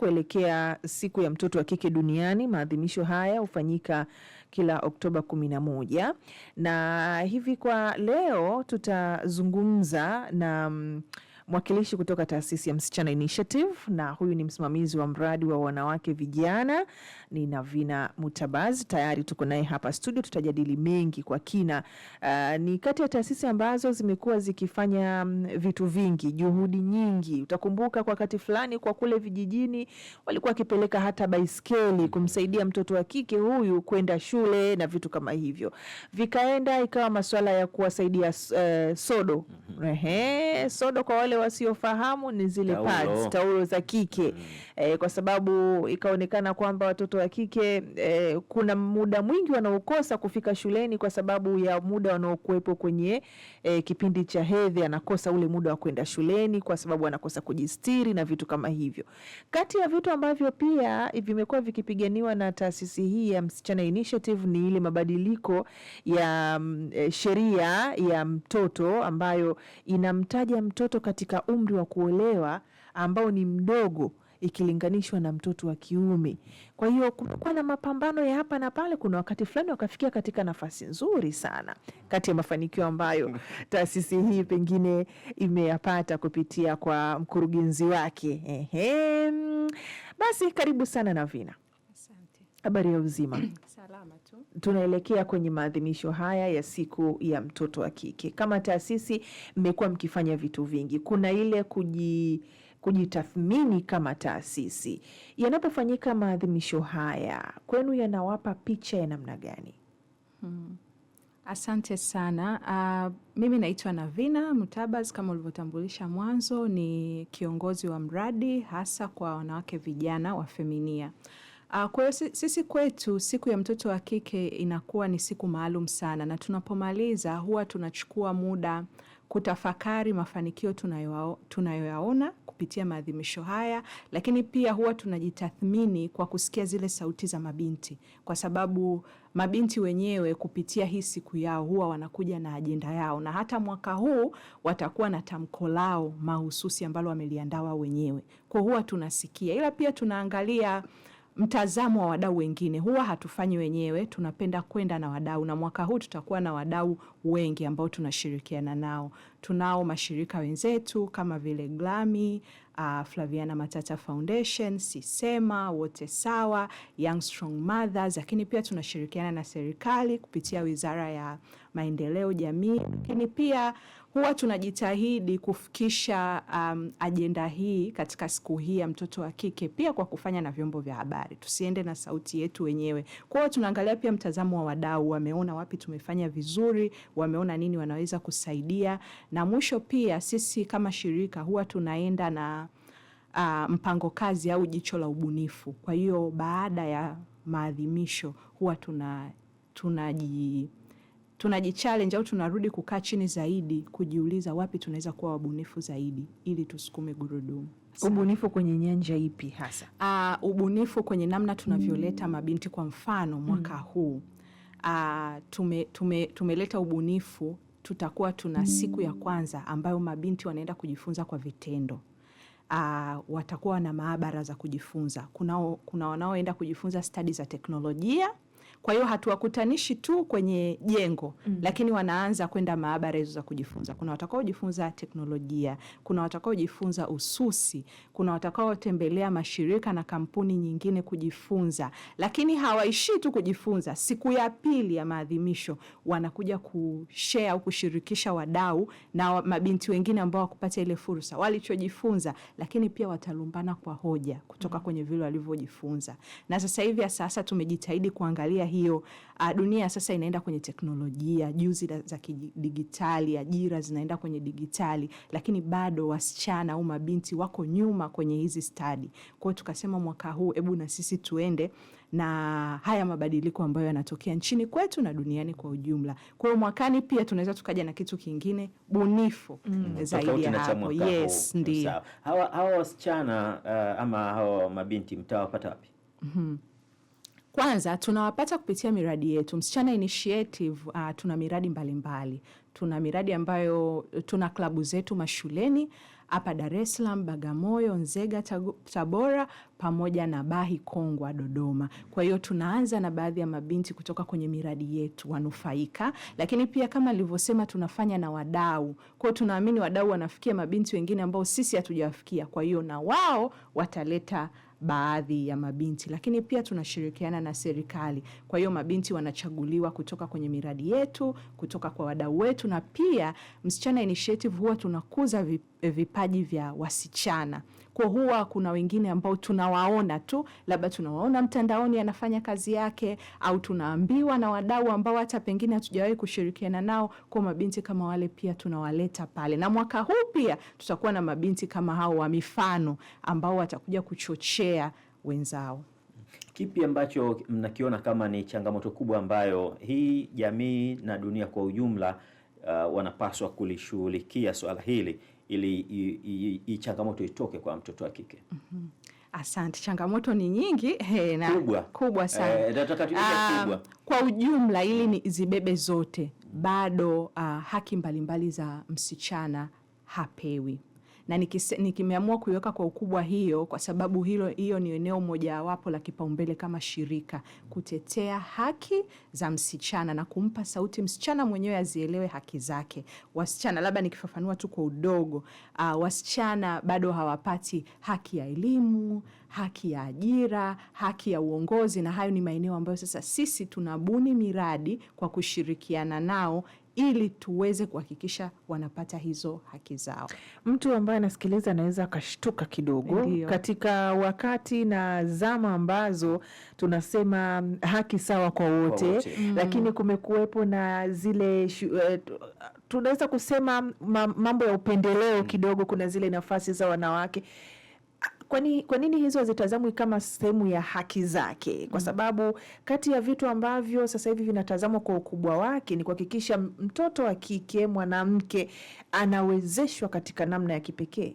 kuelekea siku ya mtoto wa kike duniani. Maadhimisho haya hufanyika kila Oktoba 11 na hivi kwa leo tutazungumza na mm, mwakilishi kutoka taasisi ya Msichana Initiative, na huyu ni msimamizi wa mradi wa wanawake vijana ni Navina Mutabaz. Tayari tuko naye hapa studio, tutajadili mengi kwa kina. Uh, ni kati ya taasisi ambazo zimekuwa zikifanya mm, vitu vingi, juhudi nyingi. Utakumbuka kwa wakati fulani kwa kule vijijini walikuwa wakipeleka hata baiskeli kumsaidia mtoto wa kike huyu kwenda shule na vitu kama hivyo, vikaenda ikawa masuala ya kuwasaidia uh, sodo. Mm-hmm. Ehe, sodo kwa wale wasiofahamu ni zile taulo, pads, taulo za kike mm. E, kwa sababu ikaonekana kwamba watoto wa kike e, kuna muda mwingi wanaokosa kufika shuleni kwa sababu ya muda wanaokuwepo kwenye e, kipindi cha hedhi, anakosa ule muda wa kwenda shuleni kwa sababu anakosa kujistiri na vitu kama hivyo. Kati ya vitu ambavyo pia vimekuwa vikipiganiwa na taasisi hii ya Msichana Initiative ni ile mabadiliko ya e, sheria ya mtoto ambayo inamtaja mtoto katika katika umri wa kuolewa ambao ni mdogo ikilinganishwa na mtoto wa kiume. Kwa hiyo kumekuwa na mapambano ya hapa na pale. Kuna wakati fulani wakafikia katika nafasi nzuri sana, kati ya mafanikio ambayo taasisi hii pengine imeyapata kupitia kwa mkurugenzi wake. Ehe. Basi karibu sana Navina, asante. Habari ya uzima? Salama tunaelekea kwenye maadhimisho haya ya siku ya mtoto wa kike. Kama taasisi mmekuwa mkifanya vitu vingi, kuna ile kuji kujitathmini kama taasisi. Yanapofanyika maadhimisho haya kwenu, yanawapa picha ya namna gani? Hmm. Asante sana. Uh, mimi naitwa Navina Mutabas, kama ulivyotambulisha mwanzo, ni kiongozi wa mradi hasa kwa wanawake vijana wa Feminia. Ah, kwa hiyo sisi kwetu siku ya mtoto wa kike inakuwa ni siku maalum sana, na tunapomaliza huwa tunachukua muda kutafakari mafanikio tunayoyaona kupitia maadhimisho haya, lakini pia huwa tunajitathmini kwa kusikia zile sauti za mabinti, kwa sababu mabinti wenyewe kupitia hii siku yao huwa wanakuja na ajenda yao, na hata mwaka huu watakuwa na tamko lao mahususi ambalo wameliandaa wao wenyewe, kwa huwa tunasikia, ila pia tunaangalia mtazamo wa wadau wengine. Huwa hatufanyi wenyewe, tunapenda kwenda na wadau, na mwaka huu tutakuwa na wadau wengi ambao tunashirikiana nao. Tunao mashirika wenzetu kama vile Glami, uh, Flaviana Matata Foundation, Sisema, Wote Sawa, Young Strong Mothers, lakini pia tunashirikiana na serikali kupitia Wizara ya maendeleo jamii, lakini pia huwa tunajitahidi kufikisha um, ajenda hii katika siku hii ya mtoto wa kike pia kwa kufanya na vyombo vya habari, tusiende na sauti yetu wenyewe. Kwa hiyo tunaangalia pia mtazamo wa wadau, wameona wapi tumefanya vizuri, wameona nini wanaweza kusaidia, na mwisho pia sisi kama shirika huwa tunaenda na uh, mpango kazi au jicho la ubunifu. Kwa hiyo baada ya maadhimisho huwa tuna tunaji tunajichallenge au tunarudi kukaa chini zaidi kujiuliza wapi tunaweza kuwa wabunifu zaidi ili tusukume gurudumu. Ubunifu kwenye nyanja ipi hasa? Aa, ah, ubunifu kwenye namna tunavyoleta mm. mabinti kwa mfano mwaka mm. huu uh, tume, tume, tumeleta ubunifu. Tutakuwa tuna mm. siku ya kwanza ambayo mabinti wanaenda kujifunza kwa vitendo. Uh, watakuwa na maabara za kujifunza. Kuna, kuna wanaoenda kujifunza stadi za teknolojia kwa hiyo hatuwakutanishi tu kwenye jengo mm. lakini wanaanza kwenda maabara hizo za kujifunza. Kuna watakaojifunza teknolojia, kuna watakaojifunza ususi, kuna watakaotembelea mashirika na kampuni nyingine kujifunza, lakini hawaishii tu kujifunza. Siku ya pili ya maadhimisho wanakuja kushare au kushirikisha wadau na mabinti wengine ambao wakupata ile fursa walichojifunza, lakini pia watalumbana kwa hoja kutoka mm. kwenye vile walivyojifunza, na sasa hivi sasa tumejitahidi kuangalia hiyo uh, dunia sasa inaenda kwenye teknolojia, juzi za kidigitali, ajira zinaenda kwenye digitali, lakini bado wasichana au mabinti wako nyuma kwenye hizi stadi. Kwa hiyo tukasema mwaka huu, hebu na sisi tuende na haya mabadiliko ambayo yanatokea nchini kwetu na duniani kwa ujumla. Kwa hiyo mwakani pia tunaweza tukaja na kitu kingine bunifu mm, zaidi ya hapo. Yes, ndio hawa hawa wasichana uh, ama hawa mabinti mtawapata wapi? mm -hmm. Kwanza tunawapata kupitia miradi yetu Msichana Initiative. Uh, tuna miradi mbalimbali mbali. Tuna miradi ambayo tuna klabu zetu mashuleni hapa Dar es Salaam, Bagamoyo, Nzega, Tabora pamoja na Bahi Kongwa, Dodoma. Kwa hiyo tunaanza na baadhi ya mabinti kutoka kwenye miradi yetu wanufaika, lakini pia kama nilivyosema, tunafanya na wadau. Kwa hiyo tunaamini wadau wanafikia mabinti wengine ambao sisi hatujawafikia, kwa hiyo na wao wataleta baadhi ya mabinti, lakini pia tunashirikiana na serikali. Kwa hiyo mabinti wanachaguliwa kutoka kwenye miradi yetu, kutoka kwa wadau wetu, na pia Msichana Initiative huwa tunakuza vipaji vya wasichana kwa huwa kuna wengine ambao tunawaona tu, labda tunawaona mtandaoni anafanya kazi yake, au tunaambiwa na wadau ambao hata pengine hatujawahi kushirikiana nao. Kwa mabinti kama wale pia tunawaleta pale, na mwaka huu pia tutakuwa na mabinti kama hao wa mifano ambao watakuja kuchochea wenzao. Kipi ambacho mnakiona kama ni changamoto kubwa ambayo hii jamii na dunia kwa ujumla uh, wanapaswa kulishughulikia swala hili ili hii changamoto itoke kwa mtoto wa kike. mm -hmm. Asante. Changamoto ni nyingi hey, na kubwa, kubwa sana e, kubwa. Kwa ujumla ili mm. ni zibebe zote bado uh, haki mbalimbali za msichana hapewi na nikimeamua nikimeamua kuiweka kwa ukubwa hiyo, kwa sababu hilo hiyo ni eneo mojawapo la kipaumbele kama shirika kutetea haki za msichana na kumpa sauti msichana mwenyewe azielewe haki zake. Wasichana, labda nikifafanua tu kwa udogo, uh, wasichana bado hawapati haki ya elimu, haki ya ajira, haki ya uongozi, na hayo ni maeneo ambayo sasa sisi tunabuni miradi kwa kushirikiana nao ili tuweze kuhakikisha wanapata hizo haki zao. Mtu ambaye anasikiliza anaweza akashtuka kidogo Ndiyo. katika wakati na zama ambazo tunasema mm, haki sawa kwa wote, wote. Mm. Lakini kumekuwepo na zile shu, eh, tunaweza kusema mambo ya upendeleo mm. kidogo. Kuna zile nafasi za wanawake Kwani kwa nini hizo hazitazamwi kama sehemu ya haki zake? Kwa mm. sababu kati ya vitu ambavyo sasa hivi vinatazamwa kwa ukubwa wake ni kuhakikisha mtoto wa kike, mwanamke anawezeshwa katika namna ya kipekee.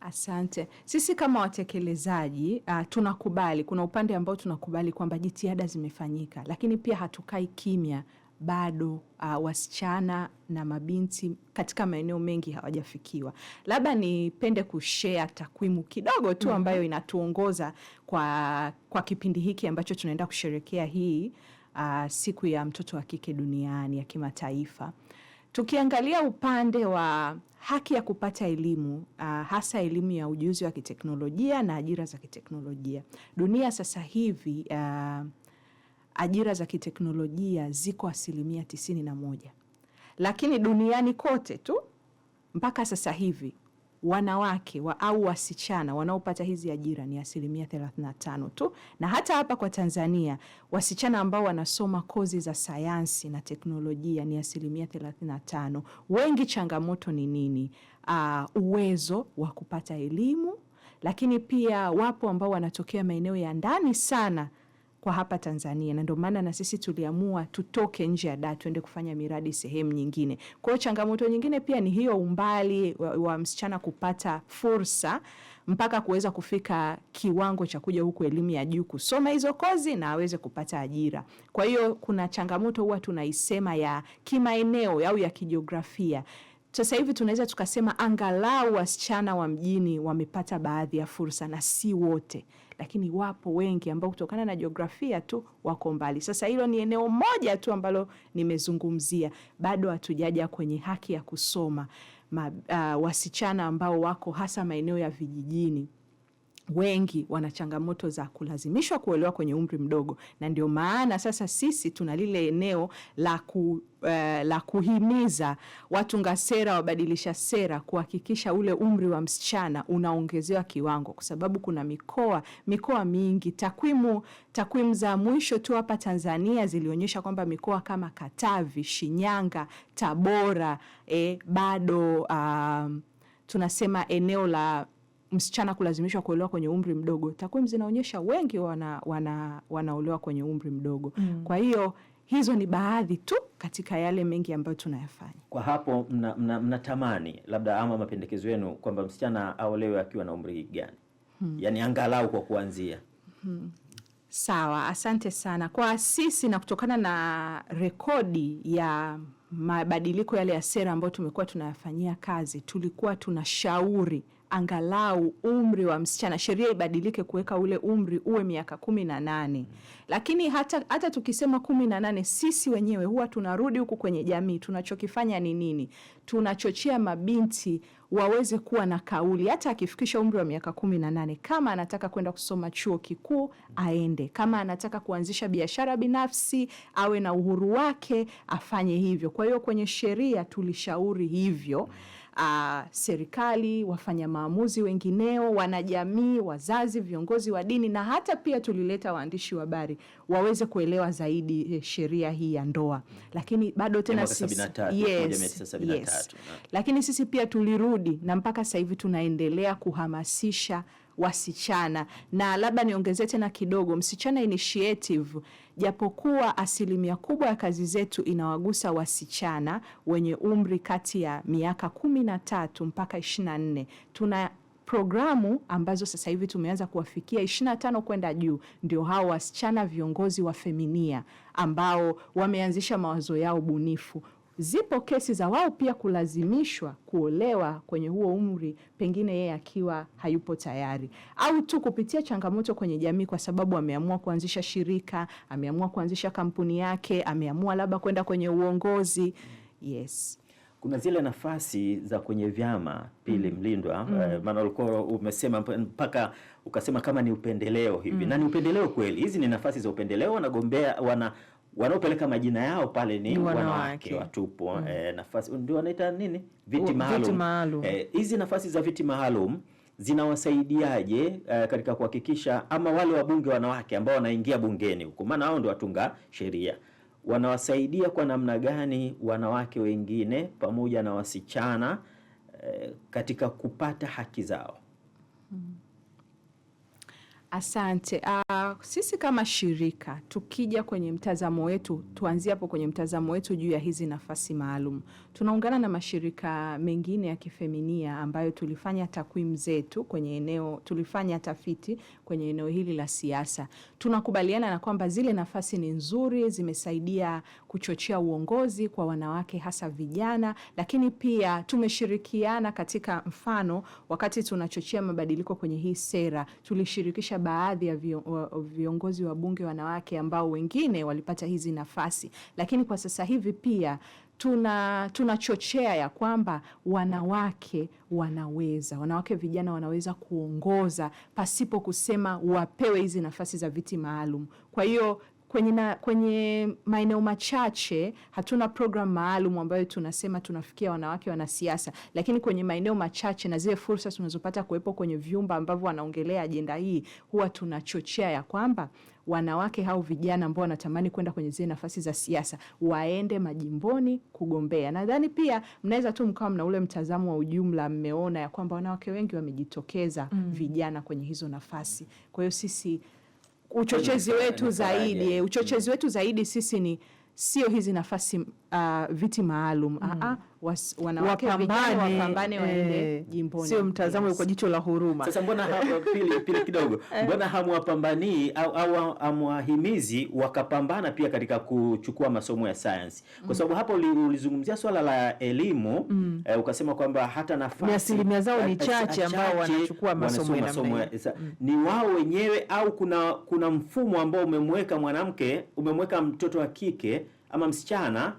Asante. Sisi kama watekelezaji uh, tunakubali kuna upande ambao tunakubali kwamba jitihada zimefanyika, lakini pia hatukai kimya bado uh, wasichana na mabinti katika maeneo mengi hawajafikiwa. Labda nipende kushea takwimu kidogo tu mm-hmm. ambayo inatuongoza kwa, kwa kipindi hiki ambacho tunaenda kusherekea hii uh, siku ya mtoto wa kike duniani ya kimataifa. Tukiangalia upande wa haki ya kupata elimu uh, hasa elimu ya ujuzi wa kiteknolojia na ajira za kiteknolojia, dunia sasa hivi uh, ajira za kiteknolojia ziko asilimia tisini na moja, lakini duniani kote tu mpaka sasa hivi wanawake wa, au wasichana wanaopata hizi ajira ni asilimia 35 tu, na hata hapa kwa Tanzania wasichana ambao wanasoma kozi za sayansi na teknolojia ni asilimia 35. Wengi changamoto ni nini? Uh, uwezo wa kupata elimu, lakini pia wapo ambao wanatokea maeneo ya ndani sana kwa hapa Tanzania, na ndio maana na sisi tuliamua tutoke nje ya da tuende kufanya miradi sehemu nyingine. Kwa hiyo changamoto nyingine pia ni hiyo umbali wa, wa msichana kupata fursa mpaka kuweza kufika kiwango cha kuja huku elimu ya juu kusoma hizo kozi na aweze kupata ajira. Kwa hiyo kuna changamoto huwa tunaisema ya kimaeneo au ya kijiografia. Sasa hivi tunaweza tukasema angalau wasichana wa mjini wamepata baadhi ya fursa na si wote lakini wapo wengi ambao kutokana na jiografia tu wako mbali. Sasa hilo ni eneo moja tu ambalo nimezungumzia, bado hatujaja kwenye haki ya kusoma ma, uh, wasichana ambao wako hasa maeneo ya vijijini wengi wana changamoto za kulazimishwa kuolewa kwenye umri mdogo, na ndio maana sasa sisi tuna lile eneo la ku Uh, la kuhimiza watunga sera, wabadilisha sera kuhakikisha ule umri wa msichana unaongezewa kiwango, kwa sababu kuna mikoa mikoa mingi. Takwimu takwimu za mwisho tu hapa Tanzania zilionyesha kwamba mikoa kama Katavi, Shinyanga, Tabora eh, bado uh, tunasema eneo la msichana kulazimishwa kuolewa kwenye umri mdogo. Takwimu zinaonyesha wengi wana, wana, wanaolewa kwenye umri mdogo mm. Kwa hiyo hizo ni baadhi tu katika yale mengi ambayo tunayafanya. Kwa hapo mnatamani mna, mna labda ama mapendekezo yenu kwamba msichana aolewe akiwa na umri gani? hmm. Yaani angalau kwa kuanzia hmm. Sawa, asante sana kwa sisi, na kutokana na rekodi ya mabadiliko yale ya sera ambayo tumekuwa tunayafanyia kazi, tulikuwa tunashauri angalau umri wa msichana, sheria ibadilike kuweka ule umri uwe miaka kumi na nane. Lakini hata, hata tukisema kumi na nane, sisi wenyewe huwa tunarudi huku kwenye jamii. Tunachokifanya ni nini? Tunachochea mabinti waweze kuwa na kauli. Hata akifikisha umri wa miaka kumi na nane, kama anataka kwenda kusoma chuo kikuu aende, kama anataka kuanzisha biashara binafsi awe na uhuru wake afanye hivyo. Kwa hiyo kwenye sheria tulishauri hivyo uh, serikali, wafanya maamuzi wengineo, wanajamii, wazazi, viongozi wa dini na hata pia tulileta waandishi wa habari waweze kuelewa zaidi eh, sheria hii ya ndoa, lakini bado tena sisi, yes, yes. Lakini sisi pia tulirudi na mpaka sasa hivi tunaendelea kuhamasisha wasichana. Na labda niongezee tena kidogo, Msichana Initiative, japokuwa asilimia kubwa ya kazi zetu inawagusa wasichana wenye umri kati ya miaka kumi na tatu mpaka ishirini na nne tuna programu ambazo sasa hivi tumeanza kuwafikia 25 kwenda juu, ndio hao wasichana viongozi wa Feminia ambao wameanzisha mawazo yao bunifu. Zipo kesi za wao pia kulazimishwa kuolewa kwenye huo umri, pengine yeye akiwa hayupo tayari, au tu kupitia changamoto kwenye jamii, kwa sababu ameamua kuanzisha shirika, ameamua kuanzisha kampuni yake, ameamua labda kwenda kwenye uongozi. Yes. Kuna zile nafasi za kwenye vyama Pili mm. Mlindwa, mm. Eh, ulikuwa umesema mpaka ukasema kama ni upendeleo hivi mm. na ni upendeleo kweli, hizi ni nafasi za upendeleo, wanagombea wana wanaopeleka majina yao pale ni wanawake watupu mm. E, nafasi ndio wanaita nini, viti oh, maalum. Eh, hizi e, nafasi za viti maalum zinawasaidiaje uh, katika kuhakikisha ama wale wabunge wanawake ambao wanaingia bungeni huko, maana hao ndio watunga sheria, wanawasaidia kwa namna gani wanawake wengine pamoja na wasichana uh, katika kupata haki zao mm. Asante. Uh, sisi kama shirika tukija kwenye mtazamo wetu, tuanzie hapo kwenye mtazamo wetu juu ya hizi nafasi maalum, tunaungana na mashirika mengine ya kifeminia ambayo tulifanya takwimu zetu kwenye eneo, tulifanya tafiti kwenye eneo hili la siasa. Tunakubaliana na kwamba zile nafasi ni nzuri, zimesaidia kuchochea uongozi kwa wanawake hasa vijana, lakini pia tumeshirikiana katika mfano, wakati tunachochea mabadiliko kwenye hii sera tulishirikisha kuwahusisha baadhi ya viongozi wa bunge wanawake ambao wengine walipata hizi nafasi, lakini kwa sasa hivi pia tuna tunachochea ya kwamba wanawake wanaweza, wanawake vijana wanaweza kuongoza pasipo kusema wapewe hizi nafasi za viti maalum. Kwa hiyo kwenye, na, kwenye maeneo machache hatuna program maalum ambayo tunasema tunafikia wanawake wanasiasa, lakini kwenye maeneo machache na zile fursa tunazopata kuwepo kwenye vyumba ambavyo wanaongelea ajenda hii, huwa tunachochea ya kwamba wanawake hao vijana ambao wanatamani kwenda kwenye zile nafasi za siasa waende majimboni kugombea. Nadhani pia mnaweza tu mkawa mna ule mtazamo wa ujumla, mmeona ya kwamba wanawake wengi wamejitokeza mm, vijana kwenye hizo nafasi. Kwa hiyo sisi uchochezi wetu zaidi, eh, uchochezi wetu zaidi sisi ni sio hizi nafasi uh, viti maalum mm. Ah, ah, was, wapambane, eh, waende jimboni, sio mtazamo kwa jicho la huruma. Sasa mbona pili pili kidogo, eh. mbona hamwapambanii au, au amwahimizi wakapambana pia katika kuchukua masomo ya sayansi? Kwa mm. sababu hapo ulizungumzia swala la elimu mm. Eh, ukasema kwamba hata nafasi asilimia zao ni chache ambao wanachukua masomo ya masomo ya mm. ni wao wenyewe, au kuna kuna mfumo ambao umemweka mwanamke umemweka mtoto wa kike ama msichana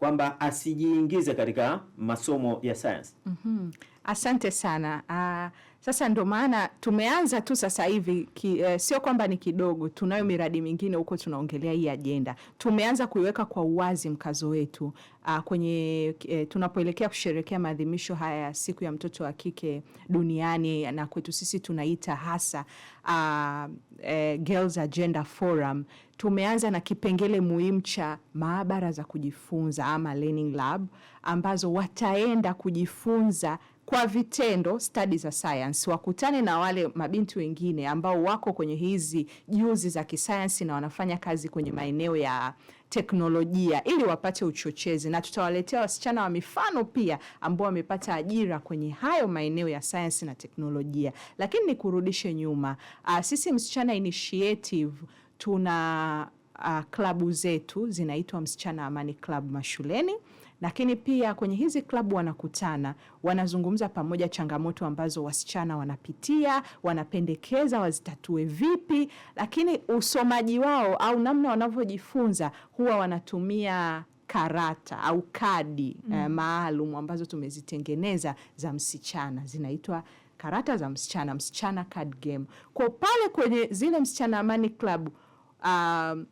kwamba asijiingize katika masomo ya science. mm -hmm. Asante sana. Uh, sasa ndo maana tumeanza tu sasa hivi eh, sio kwamba ni kidogo, tunayo miradi mingine huko tunaongelea hii ajenda. Tumeanza kuiweka kwa uwazi mkazo wetu uh, kwenye eh, tunapoelekea kusherehekea maadhimisho haya ya siku ya mtoto wa kike duniani na kwetu sisi tunaita hasa uh, eh, Girls Agenda Forum. Tumeanza na kipengele muhimu cha maabara za kujifunza ama learning lab ambazo wataenda kujifunza kwa vitendo study za science, wakutane na wale mabinti wengine ambao wako kwenye hizi juzi za kisayansi na wanafanya kazi kwenye maeneo ya teknolojia ili wapate uchochezi, na tutawaletea wasichana wa mifano pia ambao wamepata ajira kwenye hayo maeneo ya sayansi na teknolojia. Lakini nikurudishe nyuma, uh, sisi Msichana Initiative tuna uh, klabu zetu zinaitwa Msichana Amani Club mashuleni lakini pia kwenye hizi klabu wanakutana, wanazungumza pamoja changamoto ambazo wasichana wanapitia, wanapendekeza wazitatue vipi, lakini usomaji wao au namna wanavyojifunza huwa wanatumia karata au kadi eh, mm, eh, maalum ambazo tumezitengeneza za msichana zinaitwa karata za msichana, msichana card game. Kwa pale kwenye zile Msichana Amani klabu ah, um,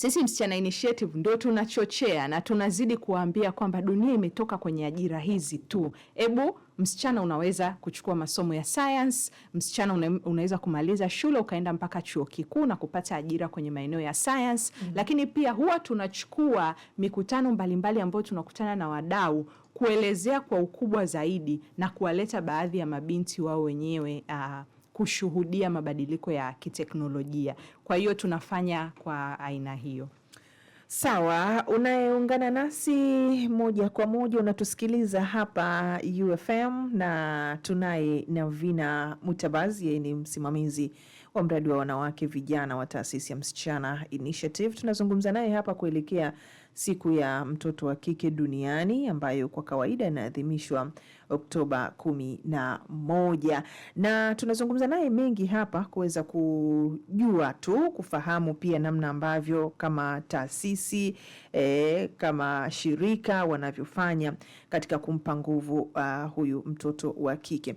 sisi Msichana Initiative ndio tunachochea na tunazidi kuwaambia kwamba dunia imetoka kwenye ajira hizi tu. Ebu msichana unaweza kuchukua masomo ya science, msichana unaweza kumaliza shule ukaenda mpaka chuo kikuu na kupata ajira kwenye maeneo ya science. Mm -hmm. Lakini pia huwa tunachukua mikutano mbalimbali ambayo tunakutana na wadau kuelezea kwa ukubwa zaidi na kuwaleta baadhi ya mabinti wao wenyewe uh, kushuhudia mabadiliko ya kiteknolojia. Kwa hiyo tunafanya kwa aina hiyo. Sawa, unayeungana nasi moja kwa moja unatusikiliza hapa UFM na tunaye Navina Mutabazi, yeye ni msimamizi wa mradi wa wanawake vijana wa taasisi ya Msichana Initiative. Tunazungumza naye hapa kuelekea siku ya mtoto wa kike duniani ambayo kwa kawaida inaadhimishwa Oktoba kumi na moja, na tunazungumza naye mengi hapa kuweza kujua tu kufahamu pia namna ambavyo kama taasisi e, kama shirika wanavyofanya katika kumpa nguvu uh, huyu mtoto wa kike.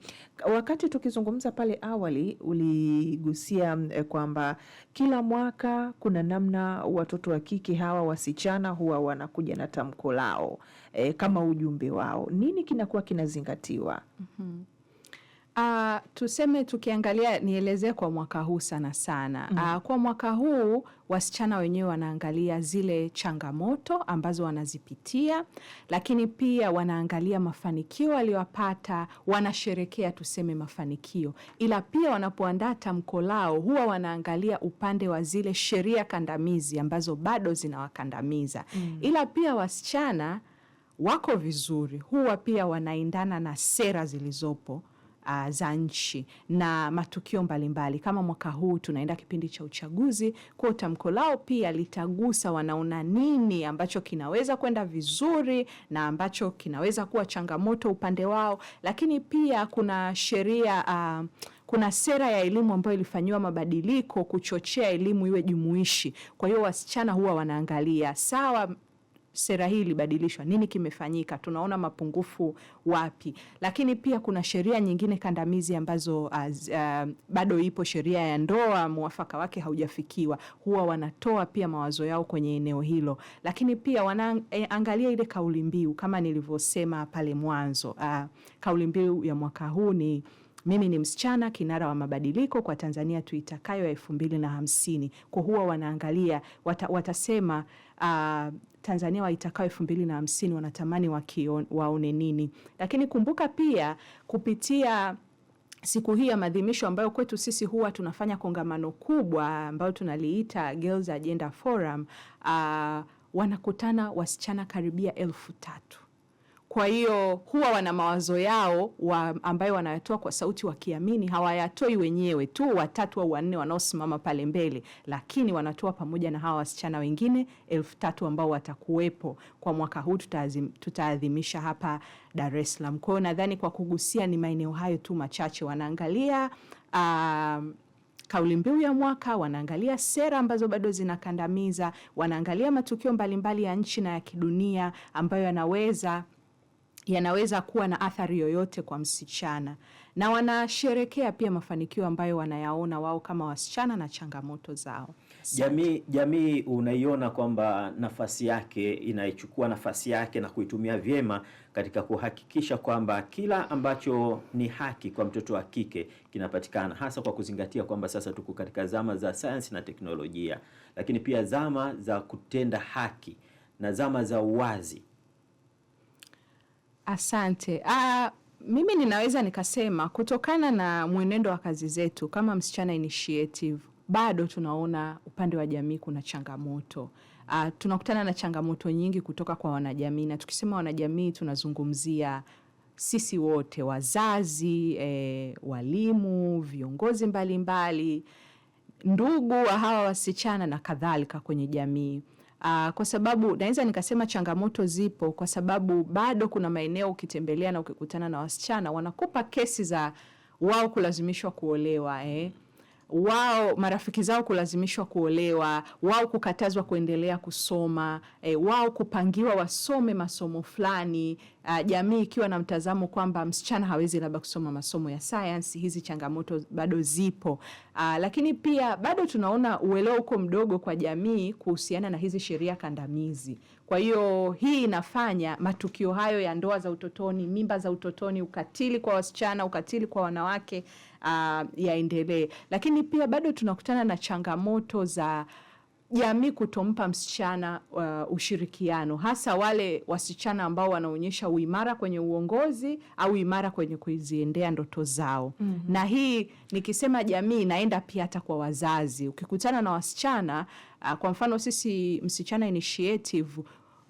Wakati tukizungumza pale awali uligusia e, kwamba kila mwaka kuna namna watoto wa kike hawa wasichana huwa wanakuja na tamko lao eh, kama ujumbe wao, nini kinakuwa kinazingatiwa? mm-hmm. Uh, tuseme tukiangalia, nielezee kwa mwaka huu sana sana. mm. Uh, kwa mwaka huu wasichana wenyewe wanaangalia zile changamoto ambazo wanazipitia, lakini pia wanaangalia mafanikio waliyopata, wanasherekea tuseme mafanikio, ila pia wanapoandaa tamko lao huwa wanaangalia upande wa zile sheria kandamizi ambazo bado zinawakandamiza. mm. ila pia wasichana wako vizuri, huwa pia wanaendana na sera zilizopo Uh, za nchi na matukio mbalimbali mbali. Kama mwaka huu tunaenda kipindi cha uchaguzi, kwa tamko lao pia litagusa wanaona nini ambacho kinaweza kwenda vizuri na ambacho kinaweza kuwa changamoto upande wao, lakini pia kuna sheria uh, kuna sera ya elimu ambayo ilifanyiwa mabadiliko kuchochea elimu iwe jumuishi. Kwa hiyo wasichana huwa wanaangalia sawa sera hii ilibadilishwa, nini kimefanyika, tunaona mapungufu wapi. Lakini pia kuna sheria nyingine kandamizi ambazo az, uh, uh, bado ipo. Sheria ya ndoa mwafaka wake haujafikiwa, huwa wanatoa pia mawazo yao kwenye eneo hilo, lakini pia wanaangalia e, ile kauli mbiu kama nilivyosema pale mwanzo. Uh, kauli mbiu ya mwaka huu ni mimi ni msichana kinara wa mabadiliko kwa Tanzania tuitakayo ya elfu mbili na hamsini. Kwa huwa wanaangalia wata, watasema uh, Tanzania waitakao elfu mbili na hamsini wanatamani wakion, waone nini, lakini kumbuka pia kupitia siku hii ya maadhimisho ambayo kwetu sisi huwa tunafanya kongamano kubwa ambayo tunaliita Girls Agenda Forum, uh, wanakutana wasichana karibia elfu tatu kwa hiyo huwa wana mawazo yao wa ambayo wanayatoa kwa sauti wakiamini, hawayatoi wenyewe tu watatu au wa wanne wanaosimama pale mbele, lakini wanatoa pamoja na hawa wasichana wengine elfu tatu ambao watakuwepo kwa mwaka huu tutaadhimisha hapa Dar es Salaam. Kwa hiyo nadhani kwa kugusia ni maeneo hayo tu machache wanaangalia uh, kauli mbiu ya mwaka, wanaangalia sera ambazo bado zinakandamiza, wanaangalia matukio mbalimbali mbali ya nchi na ya kidunia ambayo yanaweza yanaweza kuwa na athari yoyote kwa msichana, na wanasherekea pia mafanikio ambayo wanayaona wao kama wasichana na changamoto zao. Jamii jamii unaiona kwamba nafasi yake inaichukua nafasi yake na kuitumia vyema katika kuhakikisha kwamba kila ambacho ni haki kwa mtoto wa kike kinapatikana, hasa kwa kuzingatia kwamba sasa tuko katika zama za sayansi na teknolojia, lakini pia zama za kutenda haki na zama za uwazi Asante. Aa, ah, mimi ninaweza nikasema kutokana na mwenendo wa kazi zetu kama Msichana Initiative bado tunaona upande wa jamii kuna changamoto. Uh, tunakutana na changamoto nyingi kutoka kwa wanajamii, na tukisema wanajamii tunazungumzia sisi wote wazazi, eh, walimu, viongozi mbalimbali mbali, ndugu wa hawa wasichana na kadhalika kwenye jamii. Aa, ah, kwa sababu naweza nikasema changamoto zipo, kwa sababu bado kuna maeneo ukitembelea na ukikutana na wasichana wanakupa kesi za wao kulazimishwa kuolewa eh wao marafiki zao kulazimishwa kuolewa, wao kukatazwa kuendelea kusoma e, wao kupangiwa wasome masomo fulani uh, jamii ikiwa na mtazamo kwamba msichana hawezi labda kusoma masomo ya sayansi, hizi changamoto bado zipo. Uh, lakini pia bado tunaona uelewa uko mdogo kwa jamii kuhusiana na hizi sheria kandamizi. Kwa hiyo hii inafanya matukio hayo ya ndoa za utotoni, mimba za utotoni, ukatili kwa wasichana, ukatili kwa wanawake uh, yaendelee. Lakini pia bado tunakutana na changamoto za jamii kutompa msichana uh, ushirikiano hasa wale wasichana ambao wanaonyesha uimara kwenye uongozi au imara kwenye kuziendea ndoto zao. mm -hmm. Na hii nikisema jamii inaenda pia hata kwa wazazi. Ukikutana na wasichana uh, kwa mfano sisi Msichana Initiative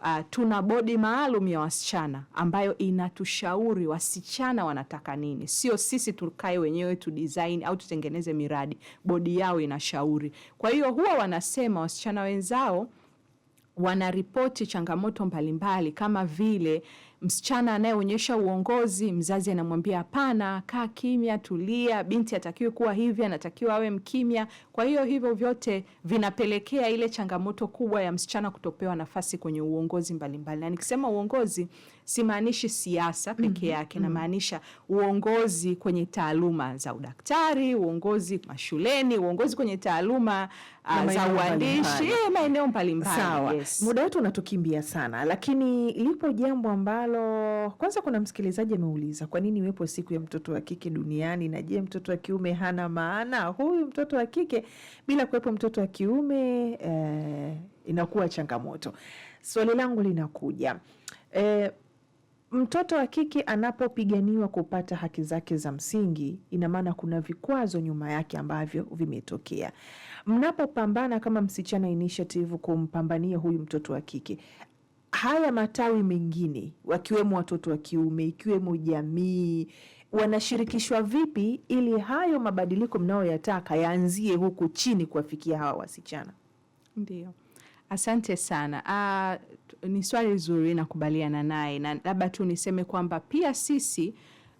Uh, tuna bodi maalum ya wasichana ambayo inatushauri wasichana wanataka nini, sio sisi tukae wenyewe tu design au tutengeneze miradi, bodi yao inashauri. Kwa hiyo huwa wanasema wasichana wenzao wanaripoti changamoto mbalimbali kama vile msichana anayeonyesha uongozi, mzazi anamwambia hapana, kaa kimya, tulia, binti atakiwe kuwa hivi, anatakiwa awe mkimya. Kwa hiyo hivyo vyote vinapelekea ile changamoto kubwa ya msichana kutopewa nafasi kwenye uongozi mbalimbali mbali. Na nikisema uongozi simaanishi siasa peke mhm, yake mm -hmm. namaanisha uongozi kwenye taaluma za udaktari, uongozi mashuleni, uongozi kwenye taaluma ah, za uandishi, eh, maeneo mbalimbali. Sawa, yes. Muda wetu unatukimbia sana, lakini lipo jambo ambalo kwanza, kuna msikilizaji ameuliza kwa nini iwepo siku ya mtoto wa kike duniani, na je, mtoto wa kiume hana maana? Huyu mtoto wa kike bila kuwepo mtoto wa kiume eh, inakuwa changamoto. Swali langu linakuja eh, Mtoto wa kike anapopiganiwa kupata haki zake za msingi, ina maana kuna vikwazo nyuma yake ambavyo vimetokea. Mnapopambana kama Msichana Initiative kumpambania huyu mtoto wa kike, haya matawi mengine wakiwemo watoto wa kiume, ikiwemo jamii, wanashirikishwa vipi ili hayo mabadiliko mnayoyataka yaanzie huku chini kuwafikia hawa wasichana? Ndio, asante sana. Uh, ni swali zuri, nakubaliana naye, na labda tu niseme kwamba pia sisi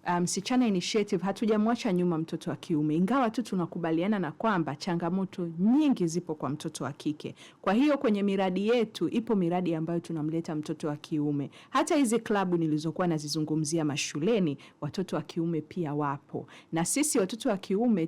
Ah, msichana um, Initiative hatujamwacha nyuma mtoto wa kiume, ingawa tu tunakubaliana na kwamba changamoto nyingi zipo kwa mtoto wa kike. Kwa hiyo kwenye miradi yetu ipo miradi ambayo tunamleta mtoto wa kiume. Hata hizi klabu nilizokuwa nazizungumzia mashuleni, watoto wa kiume pia wapo, na sisi watoto wa kiume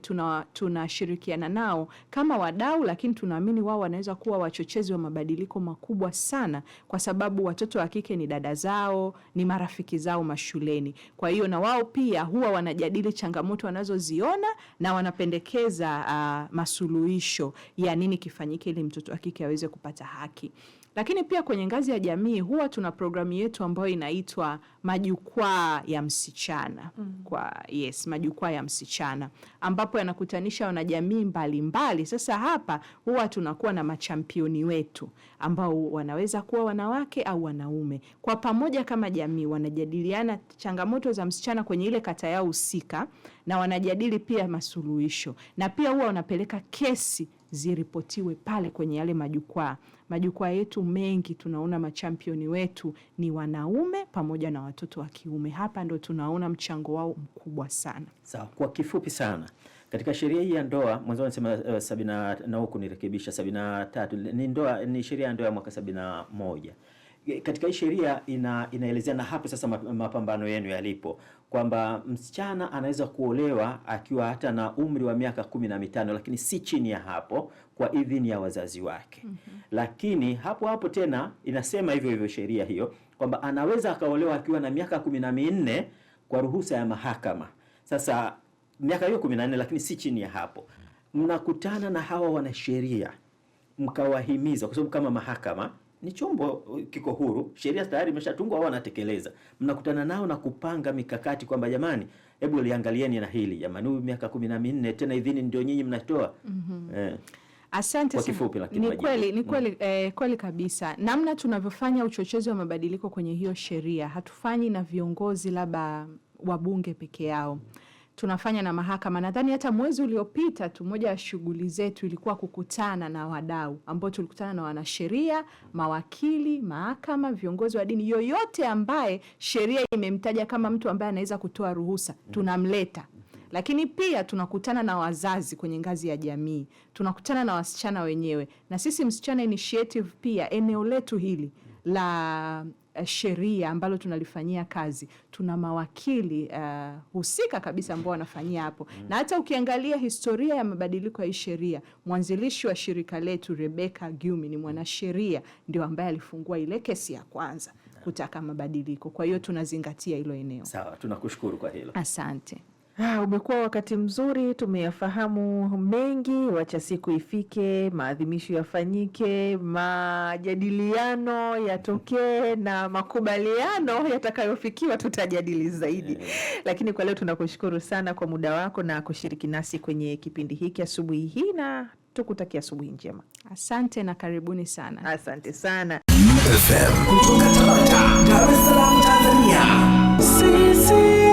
tunashirikiana tuna nao kama wadau, lakini tunaamini wao wanaweza kuwa wachochezi wa mabadiliko makubwa sana, kwa sababu watoto wa kike ni dada zao, ni marafiki zao mashuleni, kwa hiyo na wao pia huwa wanajadili changamoto wanazoziona na wanapendekeza uh, masuluhisho ya nini kifanyike ili mtoto wa kike aweze kupata haki. Lakini pia kwenye ngazi ya jamii huwa tuna programu yetu ambayo inaitwa majukwaa ya msichana mm -hmm. Kwa yes, majukwaa ya msichana ambapo yanakutanisha wanajamii mbalimbali. Sasa hapa huwa tunakuwa na machampioni wetu ambao wanaweza kuwa wanawake au wanaume, kwa pamoja kama jamii wanajadiliana changamoto za msichana kwenye ile kata yao husika, na wanajadili pia masuluhisho, na pia huwa wanapeleka kesi ziripotiwe pale kwenye yale majukwaa. Majukwaa yetu mengi tunaona machampioni wetu ni wanaume pamoja na watoto wa kiume, hapa ndo tunaona mchango wao mkubwa sana. Sawa, kwa kifupi sana katika sheria hii ya ndoa mwanzo anasema uh, eh, sabini na huku nirekebisha sabini na tatu ni ndoa, ni sheria ya ndoa ya mwaka sabini na moja katika hii sheria ina, inaelezea na hapo sasa mapambano yenu yalipo kwamba msichana anaweza kuolewa akiwa hata na umri wa miaka kumi na mitano lakini si chini ya hapo kwa idhini ya wazazi wake. mm -hmm. Lakini hapo hapo tena inasema hivyo hivyo sheria hiyo kwamba anaweza akaolewa akiwa na miaka kumi na minne kwa ruhusa ya mahakama. Sasa miaka hiyo kumi na nne lakini si chini ya hapo. Mnakutana na hawa wanasheria mkawahimiza, kwa sababu kama mahakama ni chombo uh, kiko huru, sheria tayari imeshatungwa, wao wanatekeleza. Mnakutana nao na kupanga mikakati kwamba jamani, hebu liangalieni na hili jamani, huyu miaka kumi na minne tena idhini ndio nyinyi mnatoa. mm -hmm. eh. Asante sana. Ni kweli, ni mm. kweli, eh, kweli kabisa. Namna tunavyofanya uchochezi wa mabadiliko kwenye hiyo sheria hatufanyi na viongozi labda wabunge peke yao tunafanya na mahakama. Nadhani hata mwezi uliopita tu moja ya shughuli zetu ilikuwa kukutana na wadau ambao tulikutana na wanasheria, mawakili, mahakama, viongozi wa dini, yoyote ambaye sheria imemtaja kama mtu ambaye anaweza kutoa ruhusa tunamleta lakini pia tunakutana na wazazi kwenye ngazi ya jamii, tunakutana na wasichana wenyewe, na sisi Msichana Initiative pia eneo letu hili la Eh, sheria ambalo tunalifanyia kazi, tuna mawakili uh, husika kabisa ambao wanafanyia hapo mm. Na hata ukiangalia historia ya mabadiliko ya hii sheria, mwanzilishi wa shirika letu Rebecca Gyumi ni mwanasheria, ndio ambaye alifungua ile kesi ya kwanza kutaka mabadiliko. Kwa hiyo tunazingatia hilo eneo. Sawa, tunakushukuru kwa hilo, asante. Ah, umekuwa wakati mzuri, tumeyafahamu mengi. Wacha siku ifike, maadhimisho yafanyike, majadiliano yatokee na makubaliano yatakayofikiwa tutajadili zaidi yeah. Lakini kwa leo tunakushukuru sana kwa muda wako na kushiriki nasi kwenye kipindi hiki asubuhi hii, na tukutakia asubuhi njema. Asante na karibuni sana. Asante sana FM.